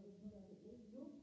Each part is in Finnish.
riksdagens början är just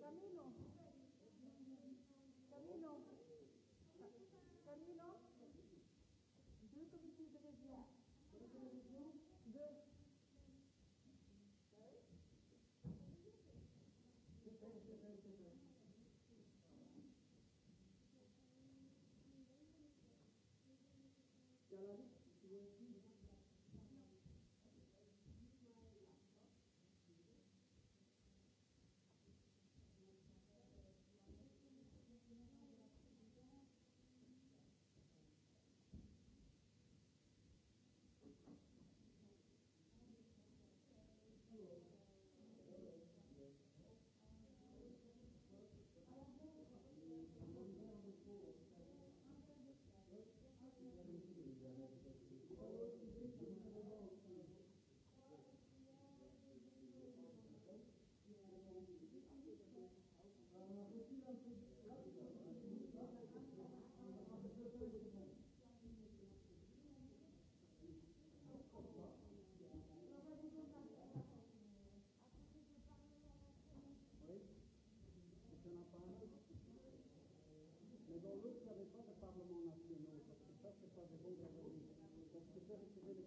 Camilo. Camilo. Camilo. Du betyder Parlement nationaux, parce que ça, c'est pas des bons arguments. Parce que ça, c'est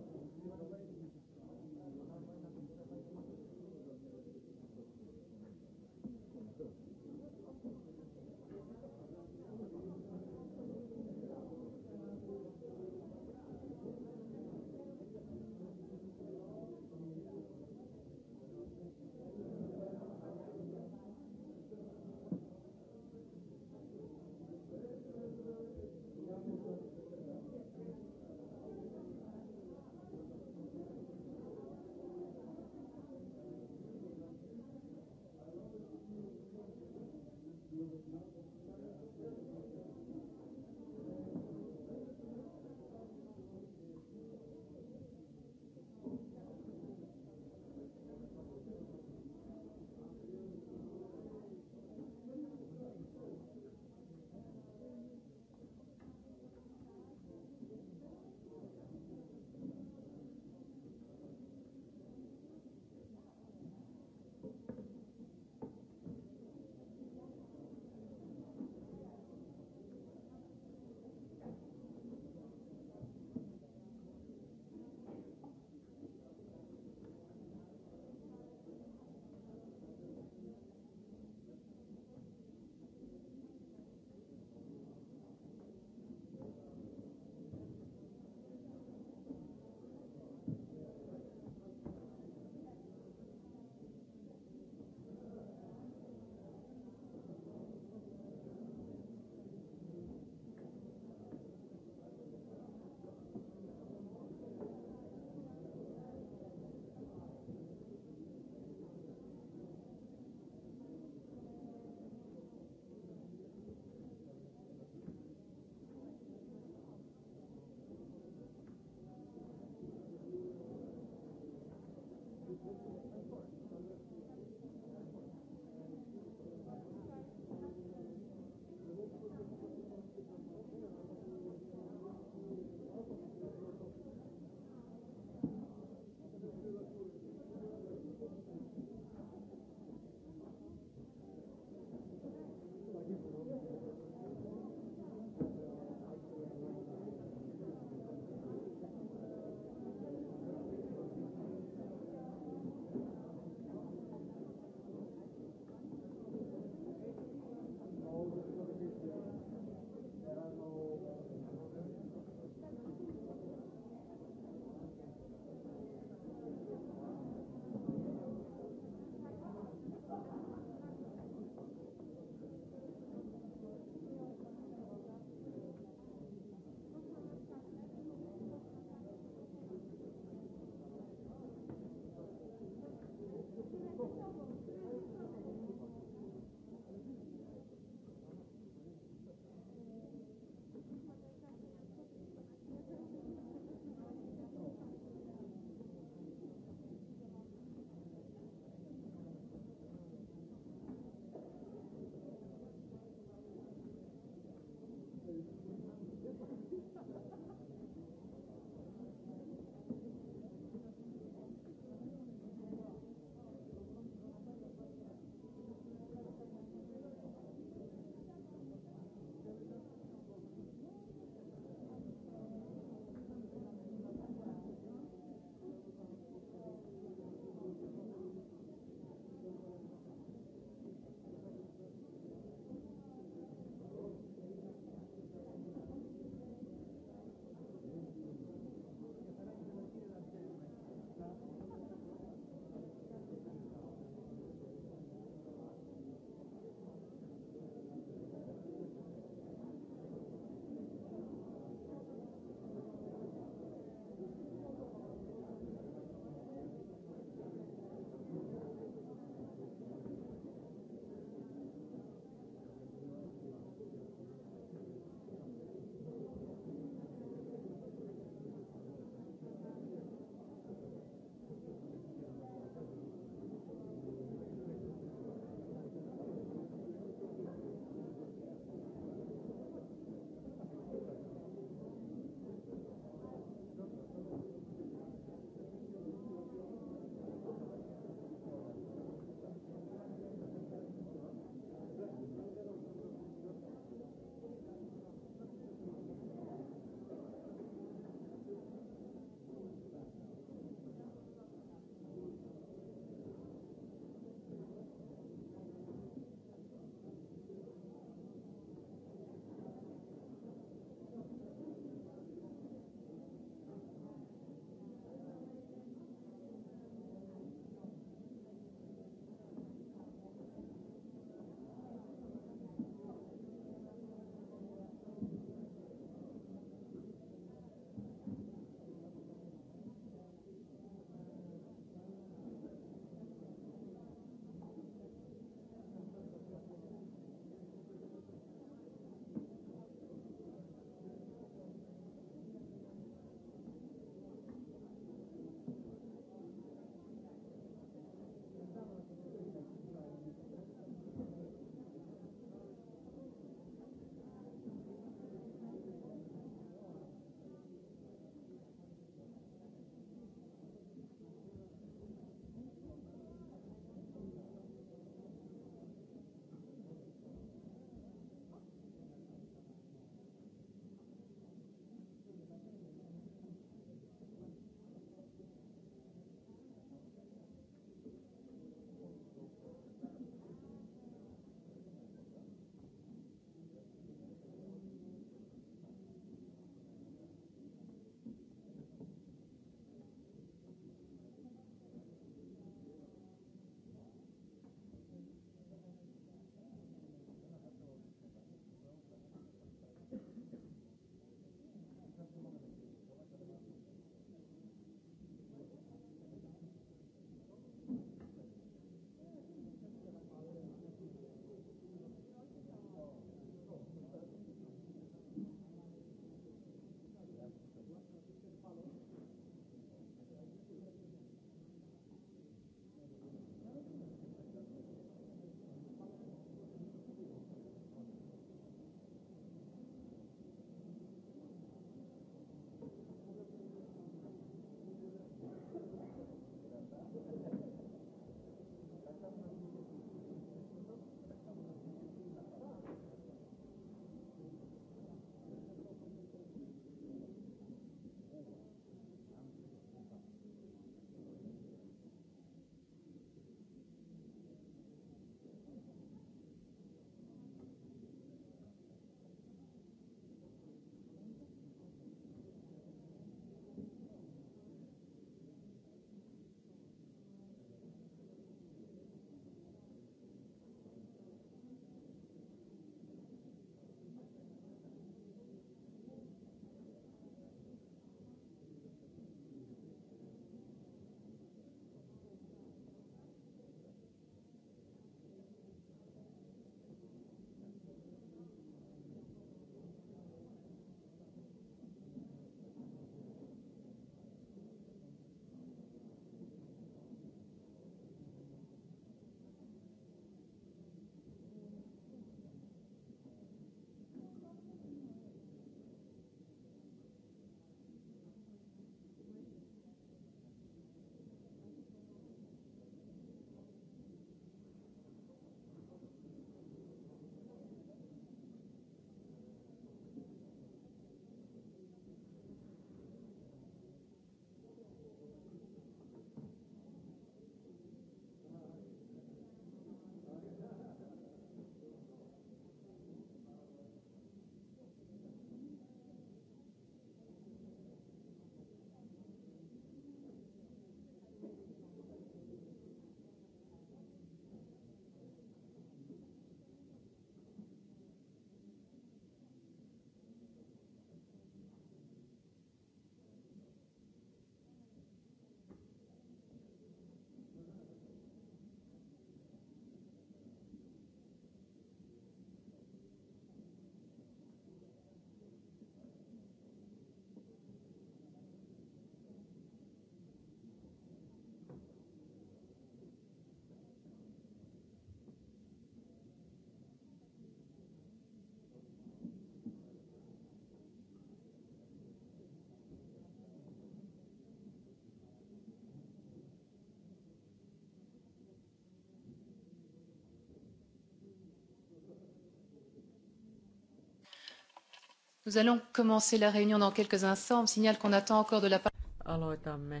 Nous allons commencer la réunion dans quelques instants. On signale qu'on attend encore de la part... Aloitamme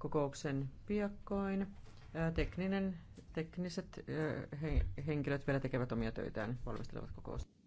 kokouksen piakkoin. Tekninen, tekniset henkilöt vielä tekevät omia töitään, valmistelevat kokousta.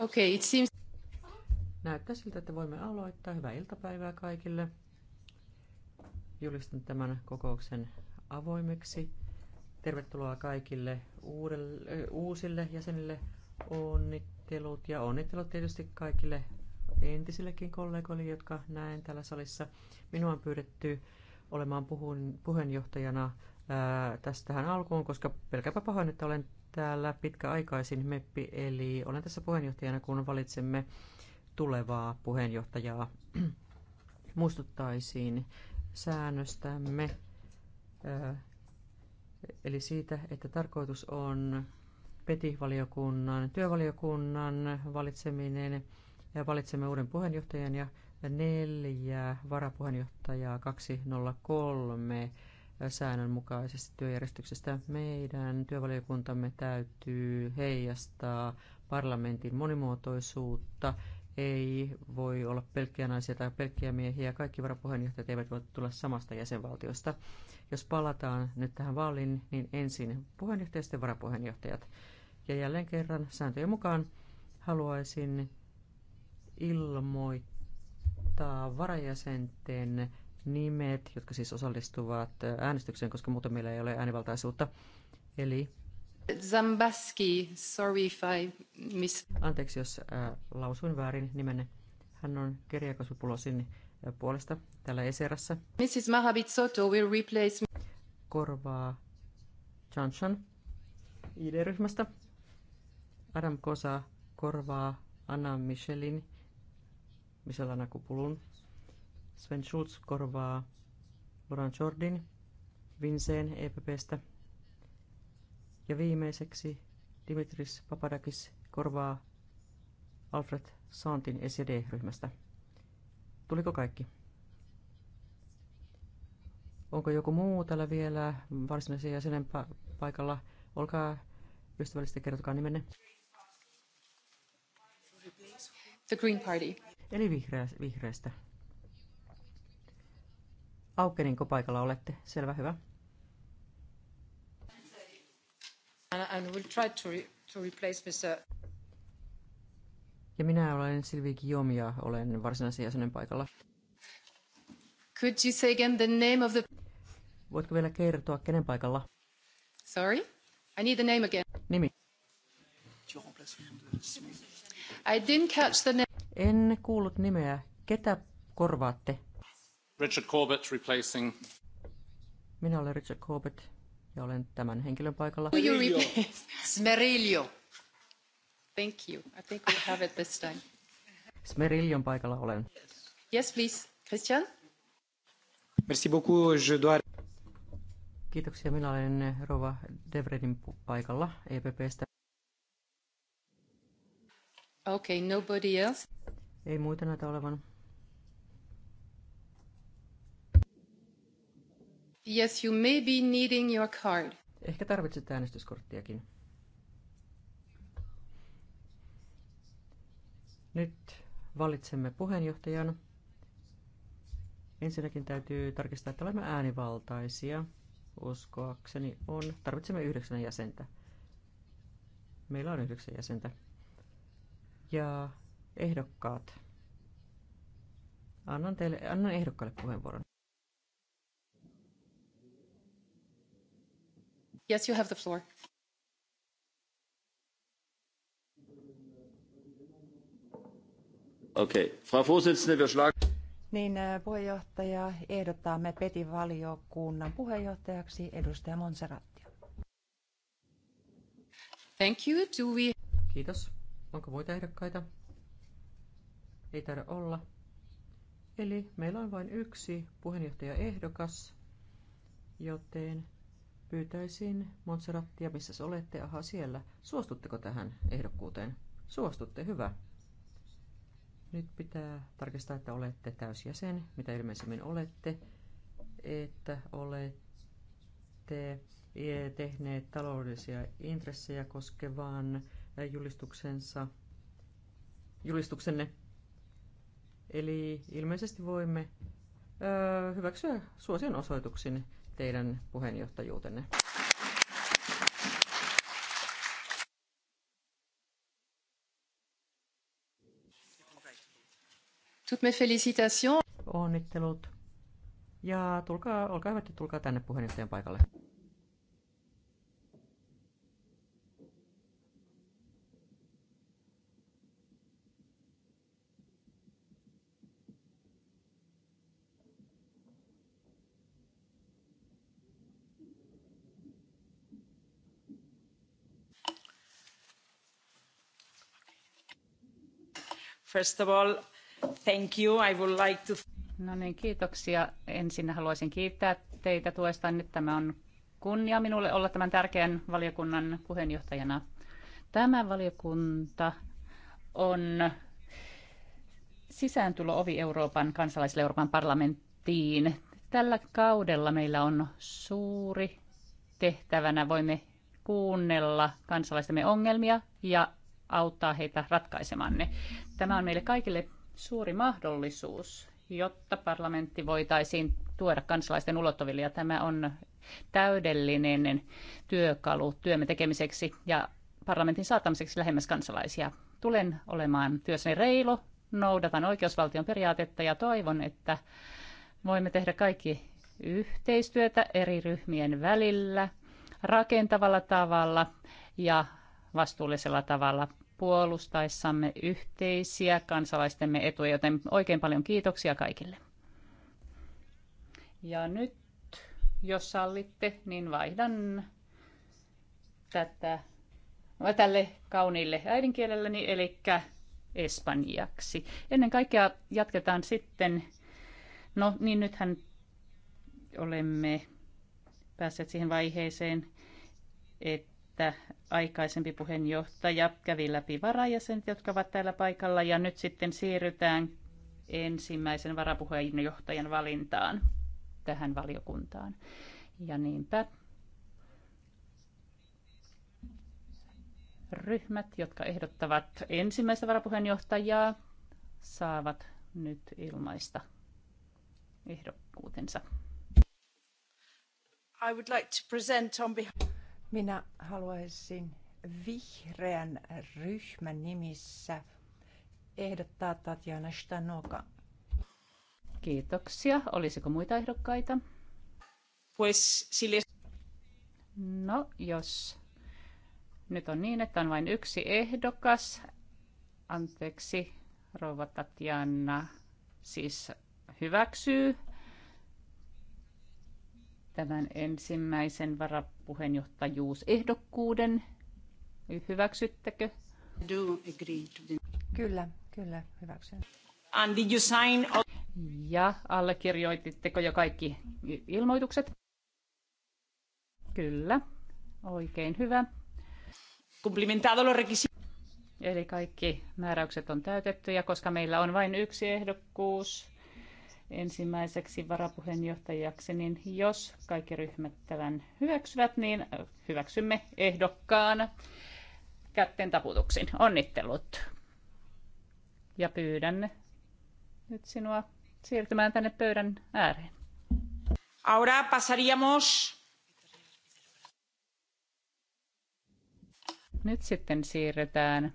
Okay, it seems... Näyttää siltä, että voimme aloittaa. Hyvää iltapäivää kaikille. Julistan tämän kokouksen avoimeksi. Tervetuloa kaikille uudelle, uusille jäsenille. Onnittelut ja onnittelut tietysti kaikille entisillekin kollegoille, jotka näen täällä salissa. Minua on pyydetty olemaan puheenjohtajana ää, tästä tähän alkuun, koska pelkäpä pahoin, että olen täällä pitkäaikaisin meppi, eli olen tässä puheenjohtajana, kun valitsemme tulevaa puheenjohtajaa. Muistuttaisiin säännöstämme, eli siitä, että tarkoitus on PETI-valiokunnan, työvaliokunnan valitseminen, ja valitsemme uuden puheenjohtajan ja neljä varapuheenjohtajaa 203 säännönmukaisesti työjärjestyksestä. Meidän työvaliokuntamme täytyy heijastaa parlamentin monimuotoisuutta. Ei voi olla pelkkiä naisia tai pelkkiä miehiä. Kaikki varapuheenjohtajat eivät voi tulla samasta jäsenvaltiosta. Jos palataan nyt tähän vaaliin, niin ensin ja sitten varapuheenjohtajat. Ja jälleen kerran sääntöjen mukaan haluaisin ilmoittaa varajäsenten nimet, jotka siis osallistuvat äh, äänestykseen, koska muuten meillä ei ole äänivaltaisuutta. Eli Zambaski, sorry if I miss... Anteeksi, jos ää, äh, lausuin väärin nimenne. Hän on Keriakosvopulosin äh, puolesta täällä Eserässä. Mrs. Mahabitsoto will replace... Korvaa Chanchan ID-ryhmästä. Adam Kosa korvaa Anna Michelin Michelana Kupulun Sven Schulz korvaa Boran Jordin Vinseen EPPstä. Ja viimeiseksi Dimitris Papadakis korvaa Alfred Saantin SED-ryhmästä. Tuliko kaikki? Onko joku muu täällä vielä varsinaisen jäsenen pa- paikalla? Olkaa ystävällisesti, kertokaa nimenne. The Green Party. Eli vihreä, vihreästä. Aukeninko paikalla olette? Selvä, hyvä. And we'll try to, re, to replace Mr. Ja minä olen Silvi Guillaume ja olen varsinaisen jäsenen paikalla. Could you say again the name of the... Voitko vielä kertoa, kenen paikalla? Sorry? I need the name again. Nimi. I didn't catch the name. En kuullut nimeä. Ketä korvaatte? Richard Corbett replacing. Minä olen Richard Corbett ja olen tämän henkilön paikalla. Smerilio. Thank you. I think we have it this time. Smerilion paikalla olen. Yes, please. Christian? Merci beaucoup. Je dois... Kiitoksia. Minä olen Rova Devredin paikalla EPPstä. Okay, nobody else? Ei muuta näitä olevan. Yes, you may be needing your card. Ehkä tarvitset äänestyskorttiakin. Nyt valitsemme puheenjohtajan. Ensinnäkin täytyy tarkistaa, että olemme äänivaltaisia. Uskoakseni on. Tarvitsemme yhdeksän jäsentä. Meillä on yhdeksän jäsentä. Ja ehdokkaat. Annan, teille, annan ehdokkaalle puheenvuoron. Yes, you have the floor. Okay. Frau Vorsitzende, wir schlagen... Niin äh, puheenjohtaja ehdottaamme Peti valiokunnan puheenjohtajaksi edustaja Monserrattia. Thank you. Do we... Kiitos. Onko muita ehdokkaita? Ei taida olla. Eli meillä on vain yksi puheenjohtajaehdokas, joten Pyytäisin Montserrattia, missä olette, aha siellä. Suostutteko tähän ehdokkuuteen? Suostutte, hyvä. Nyt pitää tarkistaa, että olette täysjäsen, mitä ilmeisemmin olette, että olette tehneet taloudellisia intressejä koskevan julistuksensa, julistuksenne. Eli ilmeisesti voimme hyväksyä suosion osoituksin teidän puheenjohtajuutenne. Toutes mes félicitations. Onnittelut. Ja tulkaa, olkaa hyvät ja tulkaa tänne puheenjohtajan paikalle. No niin, kiitoksia. Ensin haluaisin kiittää teitä tuestanne. Tämä on kunnia minulle olla tämän tärkeän valiokunnan puheenjohtajana. Tämä valiokunta on sisääntuloovi Euroopan kansalaisille Euroopan parlamenttiin. Tällä kaudella meillä on suuri tehtävänä. Voimme kuunnella kansalaistemme ongelmia ja auttaa heitä ratkaisemaan ne. Tämä on meille kaikille suuri mahdollisuus, jotta parlamentti voitaisiin tuoda kansalaisten ulottuville. Ja tämä on täydellinen työkalu työmme tekemiseksi ja parlamentin saattamiseksi lähemmäs kansalaisia. Tulen olemaan työssäni reilu, noudatan oikeusvaltion periaatetta ja toivon, että voimme tehdä kaikki yhteistyötä eri ryhmien välillä rakentavalla tavalla ja vastuullisella tavalla puolustaessamme yhteisiä kansalaistemme etuja, joten oikein paljon kiitoksia kaikille. Ja nyt, jos sallitte, niin vaihdan tätä tälle kauniille äidinkielelläni, eli espanjaksi. Ennen kaikkea jatketaan sitten, no niin nythän olemme päässeet siihen vaiheeseen, että aikaisempi puheenjohtaja kävi läpi varajäsenet, jotka ovat täällä paikalla, ja nyt sitten siirrytään ensimmäisen varapuheenjohtajan valintaan tähän valiokuntaan. Ja niinpä ryhmät, jotka ehdottavat ensimmäistä varapuheenjohtajaa, saavat nyt ilmaista ehdokkuutensa. I would like to present on behalf minä haluaisin vihreän ryhmän nimissä ehdottaa Tatjana Stanoka. Kiitoksia. Olisiko muita ehdokkaita? Pues, sille... No, jos nyt on niin, että on vain yksi ehdokas. Anteeksi, rouva Tatjana siis hyväksyy tämän ensimmäisen varapuheenjohtajuusehdokkuuden. Hyväksyttekö? Do agree to the... Kyllä, kyllä, hyväksyn. And did you sign... Ja allekirjoititteko jo kaikki ilmoitukset? Kyllä, oikein hyvä. Cumplimentado los requisitos. Eli kaikki määräykset on täytetty ja koska meillä on vain yksi ehdokkuus, ensimmäiseksi varapuheenjohtajaksi, niin jos kaikki ryhmät tämän hyväksyvät, niin hyväksymme ehdokkaan kätten taputuksin. Onnittelut! Ja pyydän nyt sinua siirtymään tänne pöydän ääreen. Ahora pasaríamos... Nyt sitten siirretään.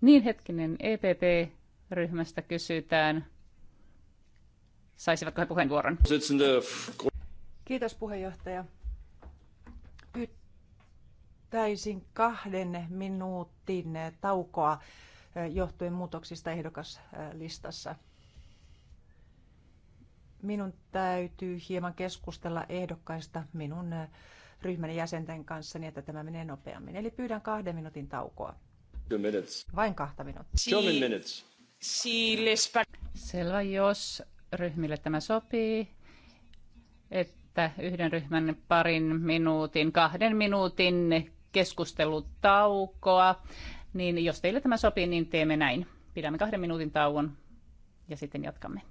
Niin hetkinen, EPP-ryhmästä kysytään Saisivatko he puheenvuoron? Kiitos puheenjohtaja. Pyytäisin kahden minuutin taukoa johtuen muutoksista ehdokaslistassa. Minun täytyy hieman keskustella ehdokkaista minun ryhmäni jäsenten kanssa niin, että tämä menee nopeammin. Eli pyydän kahden minuutin taukoa. Vain kahta minuuttia. Selvä, jos ryhmille tämä sopii, että yhden ryhmän parin minuutin, kahden minuutin keskustelutaukoa, niin jos teille tämä sopii, niin teemme näin. Pidämme kahden minuutin tauon ja sitten jatkamme.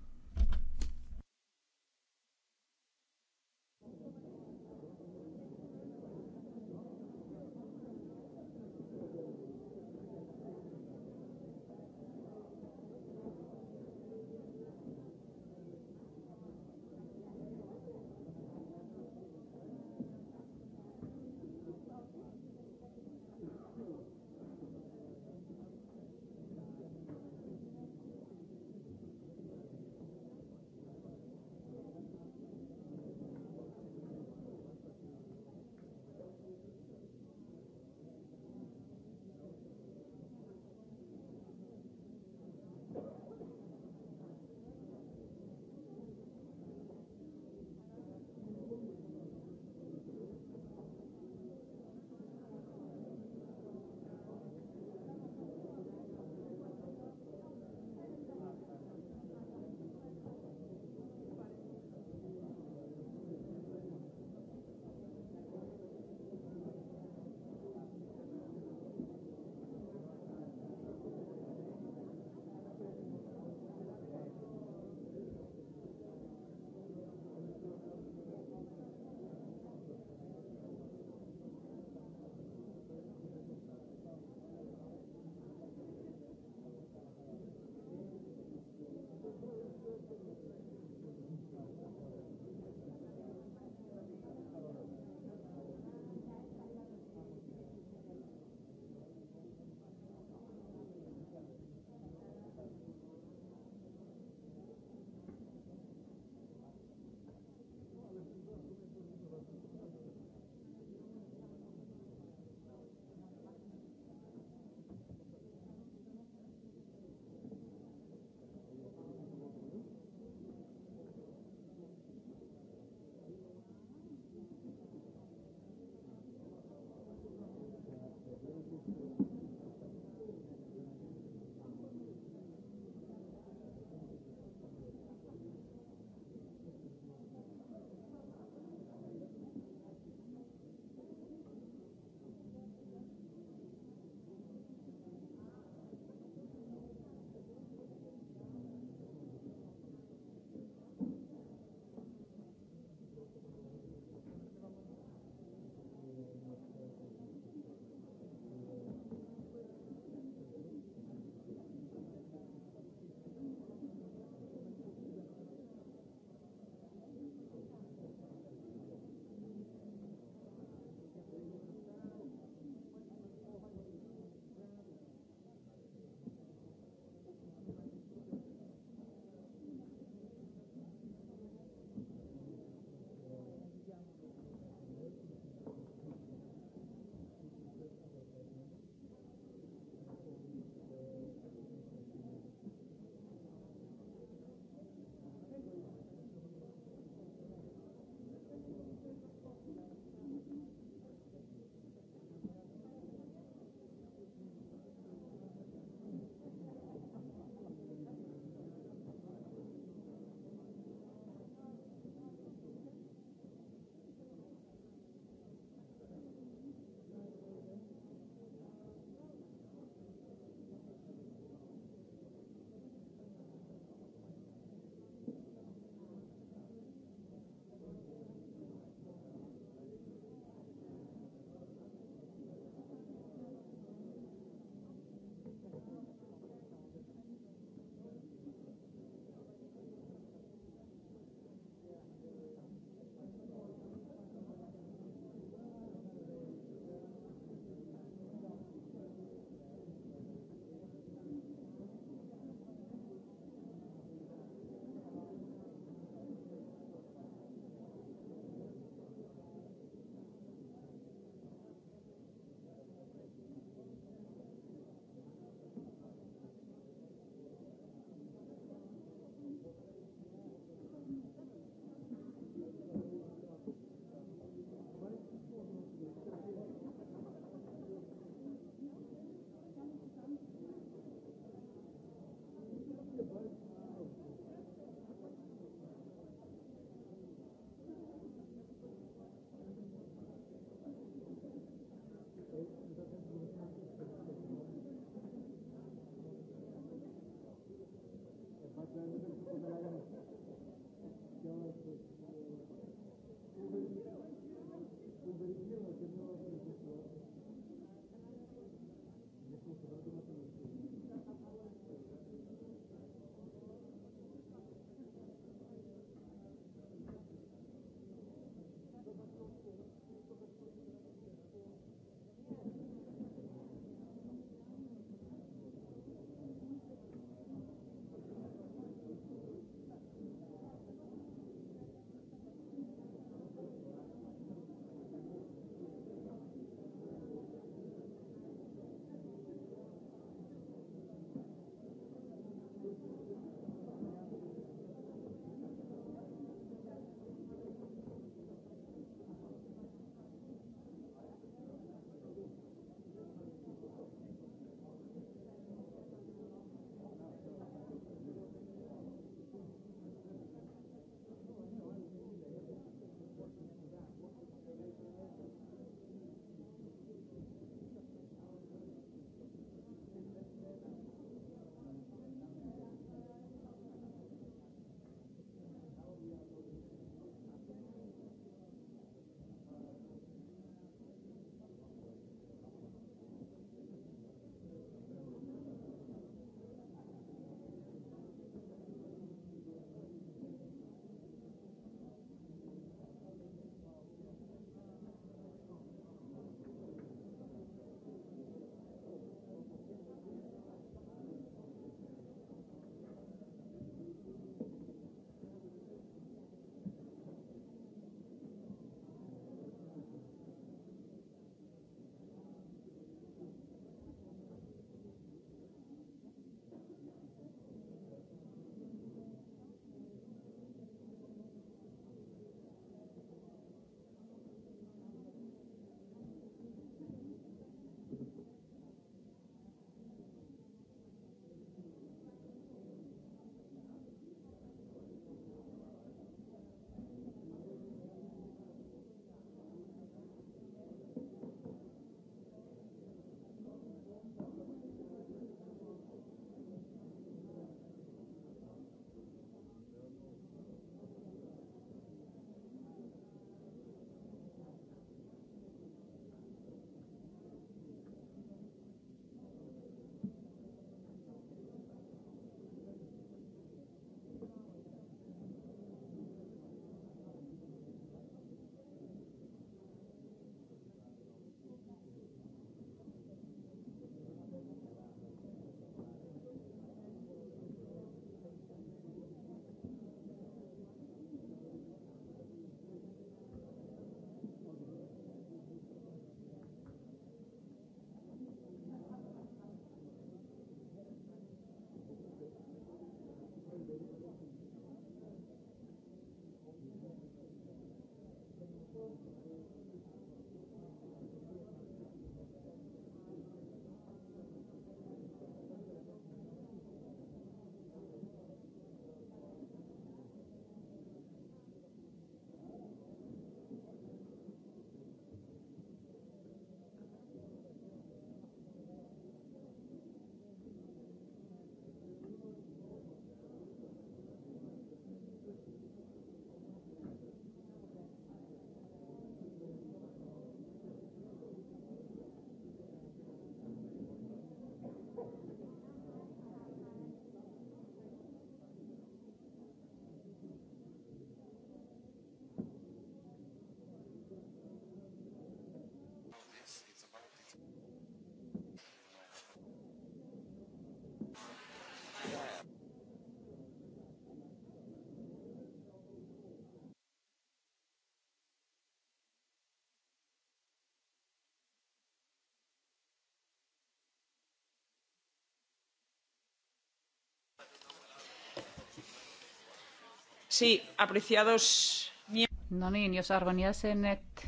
No niin, jos arvon jäsenet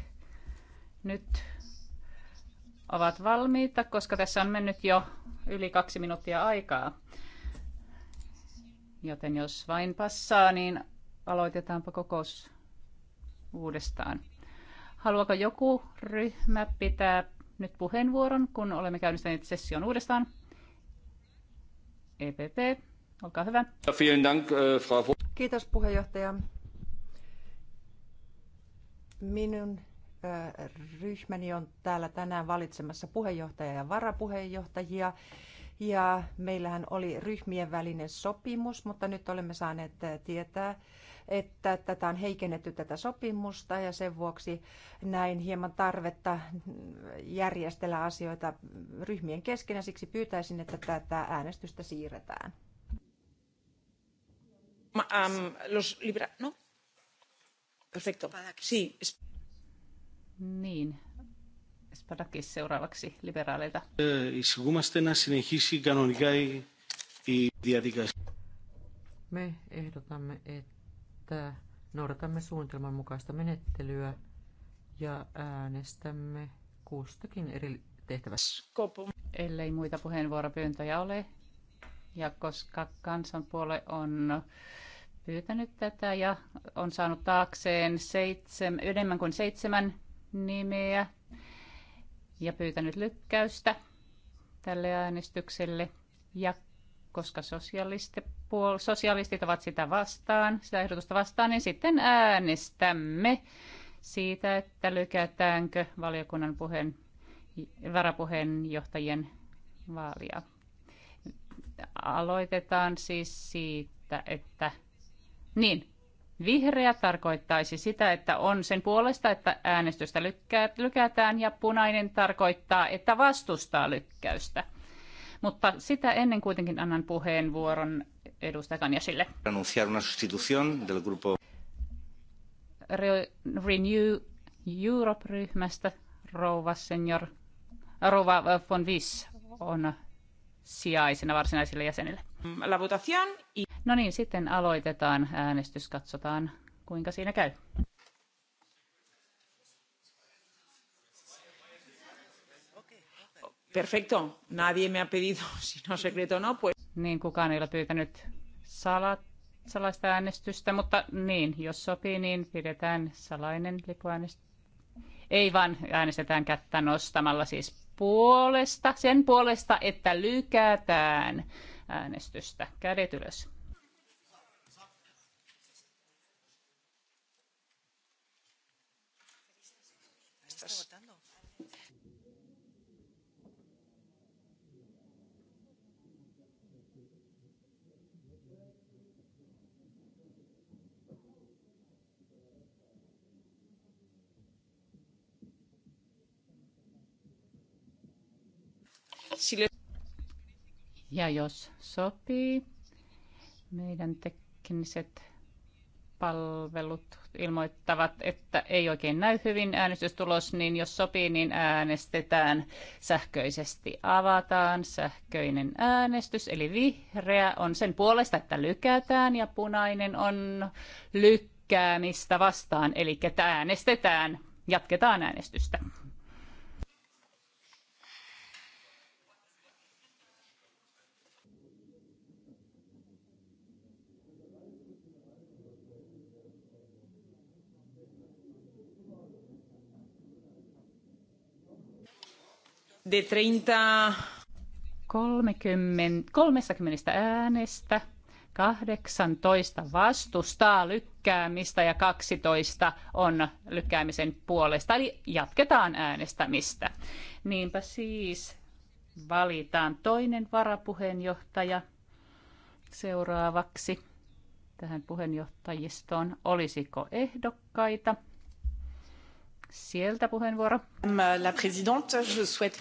nyt ovat valmiita, koska tässä on mennyt jo yli kaksi minuuttia aikaa. Joten jos vain passaa, niin aloitetaanpa kokous uudestaan. Haluaako joku ryhmä pitää nyt puheenvuoron, kun olemme käynnistäneet session uudestaan? EPP, olkaa hyvä. Ja, vielen dank, äh, Frau Kiitos puheenjohtaja. Minun ryhmäni on täällä tänään valitsemassa puheenjohtaja ja varapuheenjohtajia. Ja meillähän oli ryhmien välinen sopimus, mutta nyt olemme saaneet tietää, että tätä on heikennetty tätä sopimusta ja sen vuoksi näin hieman tarvetta mm, järjestellä asioita ryhmien kesken ja siksi pyytäisin, että tätä äänestystä siirretään. ¿no? Niin. Spadakis seuraavaksi liberaaleilta. Eh, Me ehdotamme, että noudatamme suunnitelman mukaista menettelyä ja äänestämme kustakin eri tehtävässä. Ellei muita puheenvuoropyyntöjä ole, ja koska kansanpuole on pyytänyt tätä ja on saanut taakseen seitsem, enemmän kuin seitsemän nimeä ja pyytänyt lykkäystä tälle äänestykselle. Ja koska sosialistit ovat sitä vastaan, sitä ehdotusta vastaan, niin sitten äänestämme siitä, että lykätäänkö valiokunnan puheen, varapuheenjohtajien vaalia. Aloitetaan siis siitä, että niin, vihreä tarkoittaisi sitä, että on sen puolesta, että äänestystä lykätään ja punainen tarkoittaa, että vastustaa lykkäystä. Mutta sitä ennen kuitenkin annan puheenvuoron edustaja Kanjasille. Renew Europe-ryhmästä rouva senior, rouva von Viss on sijaisina varsinaisille jäsenille. La votación. No niin, sitten aloitetaan äänestys, katsotaan kuinka siinä käy. Perfecto. Nadie me ha pedido, si no secreto no, pues... Niin, kukaan ei ole pyytänyt salat, salaista äänestystä, mutta niin, jos sopii, niin pidetään salainen lipuäänestys. Ei vaan äänestetään kättä nostamalla siis puolesta, sen puolesta, että lykätään äänestystä. Kädet ylös. Tässä. Ja jos sopii, meidän tekniset palvelut ilmoittavat, että ei oikein näy hyvin äänestystulos, niin jos sopii, niin äänestetään sähköisesti. Avataan sähköinen äänestys, eli vihreä on sen puolesta, että lykätään, ja punainen on lykkäämistä vastaan, eli että äänestetään. Jatketaan äänestystä. de 30... 30, 30 äänestä 18 vastustaa lykkäämistä ja 12 on lykkäämisen puolesta. Eli jatketaan äänestämistä. Niinpä siis valitaan toinen varapuheenjohtaja seuraavaksi tähän puheenjohtajistoon. Olisiko ehdokkaita? Sieltä puheenvuoro. La présidente, je souhaite...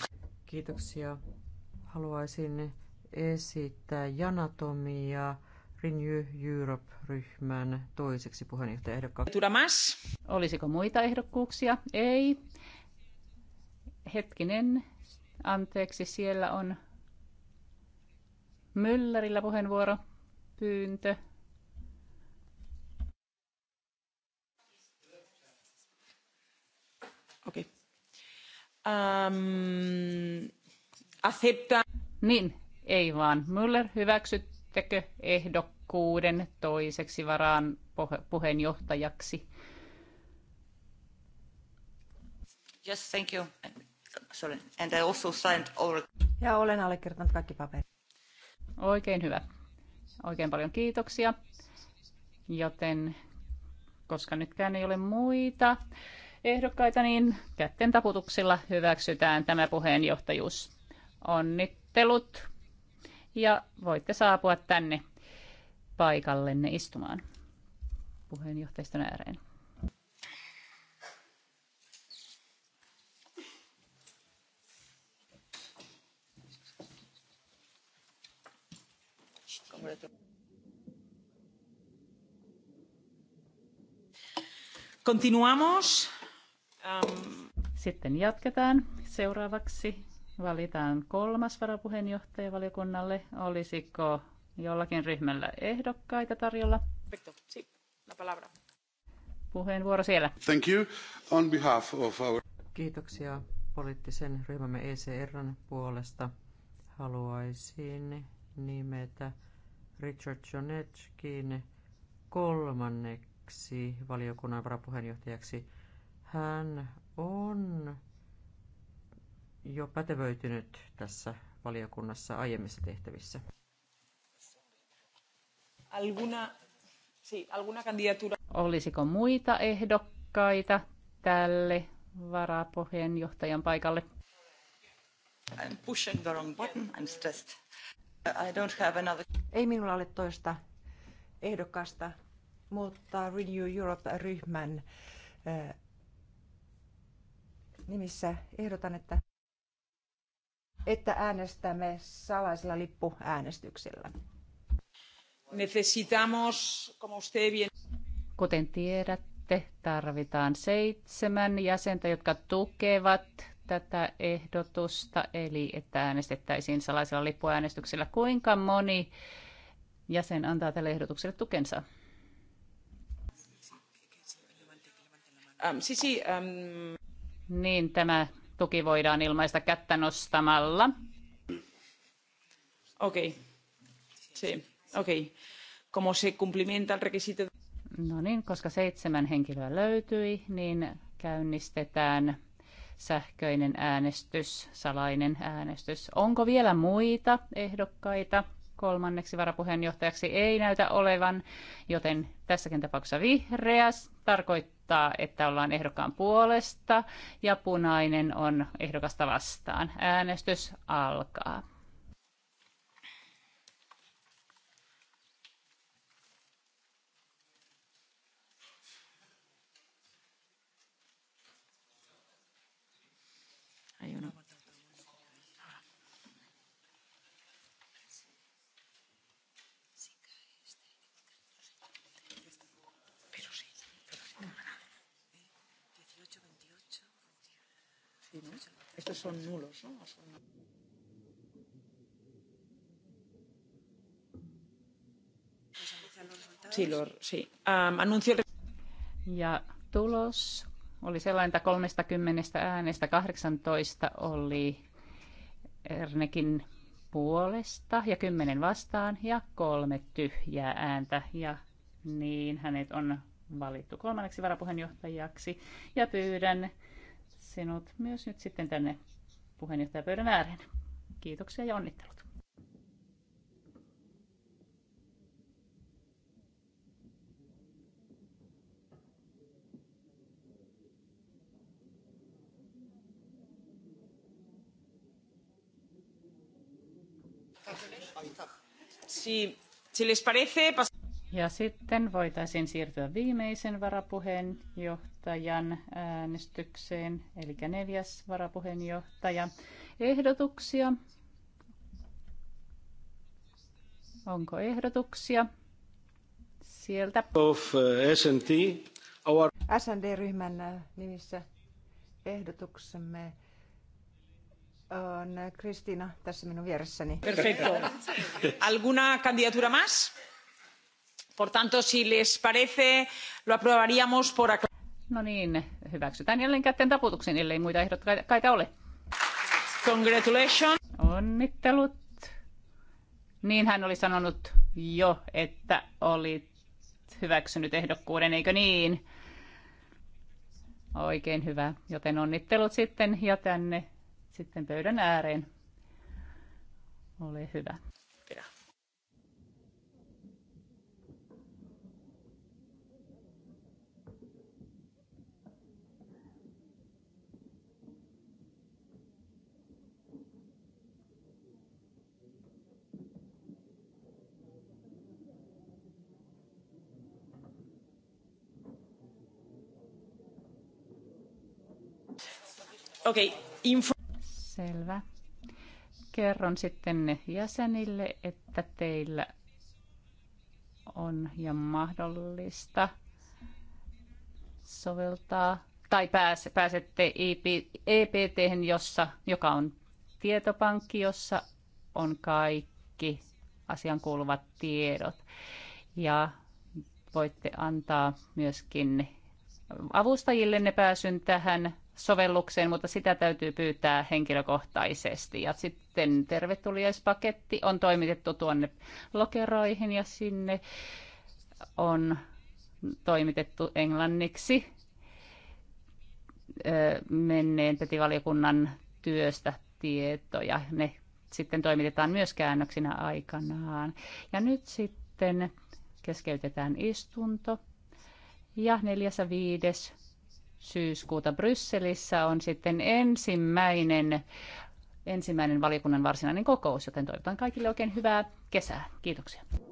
Kiitoksia. Haluaisin esittää Janatomia Renew Europe-ryhmän toiseksi puheenjohtajaehdokkaaksi. Olisiko muita ehdokkuuksia? Ei. Hetkinen, anteeksi, siellä on Möllerillä puheenvuoro, pyyntö. Okei. Okay. Ähm, niin, ei vaan. Müller, hyväksyttekö ehdokkuuden toiseksi varaan puheenjohtajaksi? Yes, thank you. Sorry. And I also signed all... Ja olen allekirjoittanut kaikki paperit. Oikein hyvä. Oikein paljon kiitoksia. Joten koska nytkään ei ole muita ehdokkaita, niin kätten taputuksilla hyväksytään tämä puheenjohtajuus. Onnittelut ja voitte saapua tänne paikallenne istumaan puheenjohtajiston ääreen. Continuamos. Ähm, Sitten jatketaan. Seuraavaksi valitaan kolmas varapuheenjohtaja valiokunnalle. Olisiko jollakin ryhmällä ehdokkaita tarjolla? Puheenvuoro siellä. Thank you. On behalf of our... Kiitoksia poliittisen ryhmämme ECRn puolesta. Haluaisin nimetä Richard Jonetkin kolmanneksi valiokunnan varapuheenjohtajaksi – hän on jo pätevöitynyt tässä valiokunnassa aiemmissa tehtävissä. Alguna, sí, alguna candidatura. Olisiko muita ehdokkaita tälle varapuheenjohtajan paikalle? I'm pushing the wrong button. I'm stressed. I don't have another... Ei minulla ole toista ehdokasta, mutta Renew Europe-ryhmän eh, nimissä ehdotan, että, että äänestämme salaisella lippuäänestyksellä. como usted bien... Kuten tiedätte, tarvitaan seitsemän jäsentä, jotka tukevat tätä ehdotusta, eli että äänestettäisiin salaisella lippuäänestyksellä. Kuinka moni jäsen antaa tälle ehdotukselle tukensa? Um, ähm, sisi, um... Ähm, niin tämä tuki voidaan ilmaista kättä nostamalla. Okei. Okay. Sí. Okei. Okay. Como se cumplimenta el requisito... No niin, koska seitsemän henkilöä löytyi, niin käynnistetään sähköinen äänestys, salainen äänestys. Onko vielä muita ehdokkaita kolmanneksi varapuheenjohtajaksi? Ei näytä olevan, joten tässäkin tapauksessa vihreäs tarkoittaa, että ollaan ehdokkaan puolesta ja punainen on ehdokasta vastaan. Äänestys alkaa. son nulos, ¿no? Son... Sí, los, sí. Um, anuncio... Ja tulos oli sellainen, että 30 äänestä 18 oli Ernekin puolesta ja 10 vastaan ja kolme tyhjää ääntä. Ja niin hänet on valittu kolmanneksi varapuheenjohtajaksi. Ja pyydän sinut myös nyt sitten tänne puheenjohtajapöydän ääreen. Kiitoksia ja onnittelut. Si, si les parece, pas ja sitten voitaisiin siirtyä viimeisen varapuheenjohtajan äänestykseen, eli neljäs varapuheenjohtaja. Ehdotuksia. Onko ehdotuksia? Sieltä. Of eh, S&T, our... SND-ryhmän eh, nimissä ehdotuksemme on eh, Kristiina tässä minun vieressäni. Perfetto. Alguna candidatura más? Por tanto, si les parece, lo aprobaríamos por No niin, hyväksytään jälleen kätten taputuksen, ellei muita ehdokkaita ole. Congratulations. Onnittelut. Niin hän oli sanonut jo, että oli hyväksynyt ehdokkuuden, eikö niin? Oikein hyvä. Joten onnittelut sitten ja tänne sitten pöydän ääreen. Ole hyvä. Okei, okay. info. Selvä. Kerron sitten jäsenille, että teillä on ja mahdollista soveltaa tai pääs, pääsette EPT, e jossa, joka on tietopankki, jossa on kaikki asian kuuluvat tiedot. Ja voitte antaa myöskin ne pääsyn tähän sovellukseen, mutta sitä täytyy pyytää henkilökohtaisesti. Ja sitten tervetuliaispaketti on toimitettu tuonne lokeroihin ja sinne on toimitettu englanniksi menneen petivaliokunnan työstä tietoja. Ne sitten toimitetaan myös käännöksinä aikanaan. Ja nyt sitten keskeytetään istunto. Ja neljäs ja viides syyskuuta Brysselissä on sitten ensimmäinen, ensimmäinen valiokunnan varsinainen kokous, joten toivotan kaikille oikein hyvää kesää. Kiitoksia.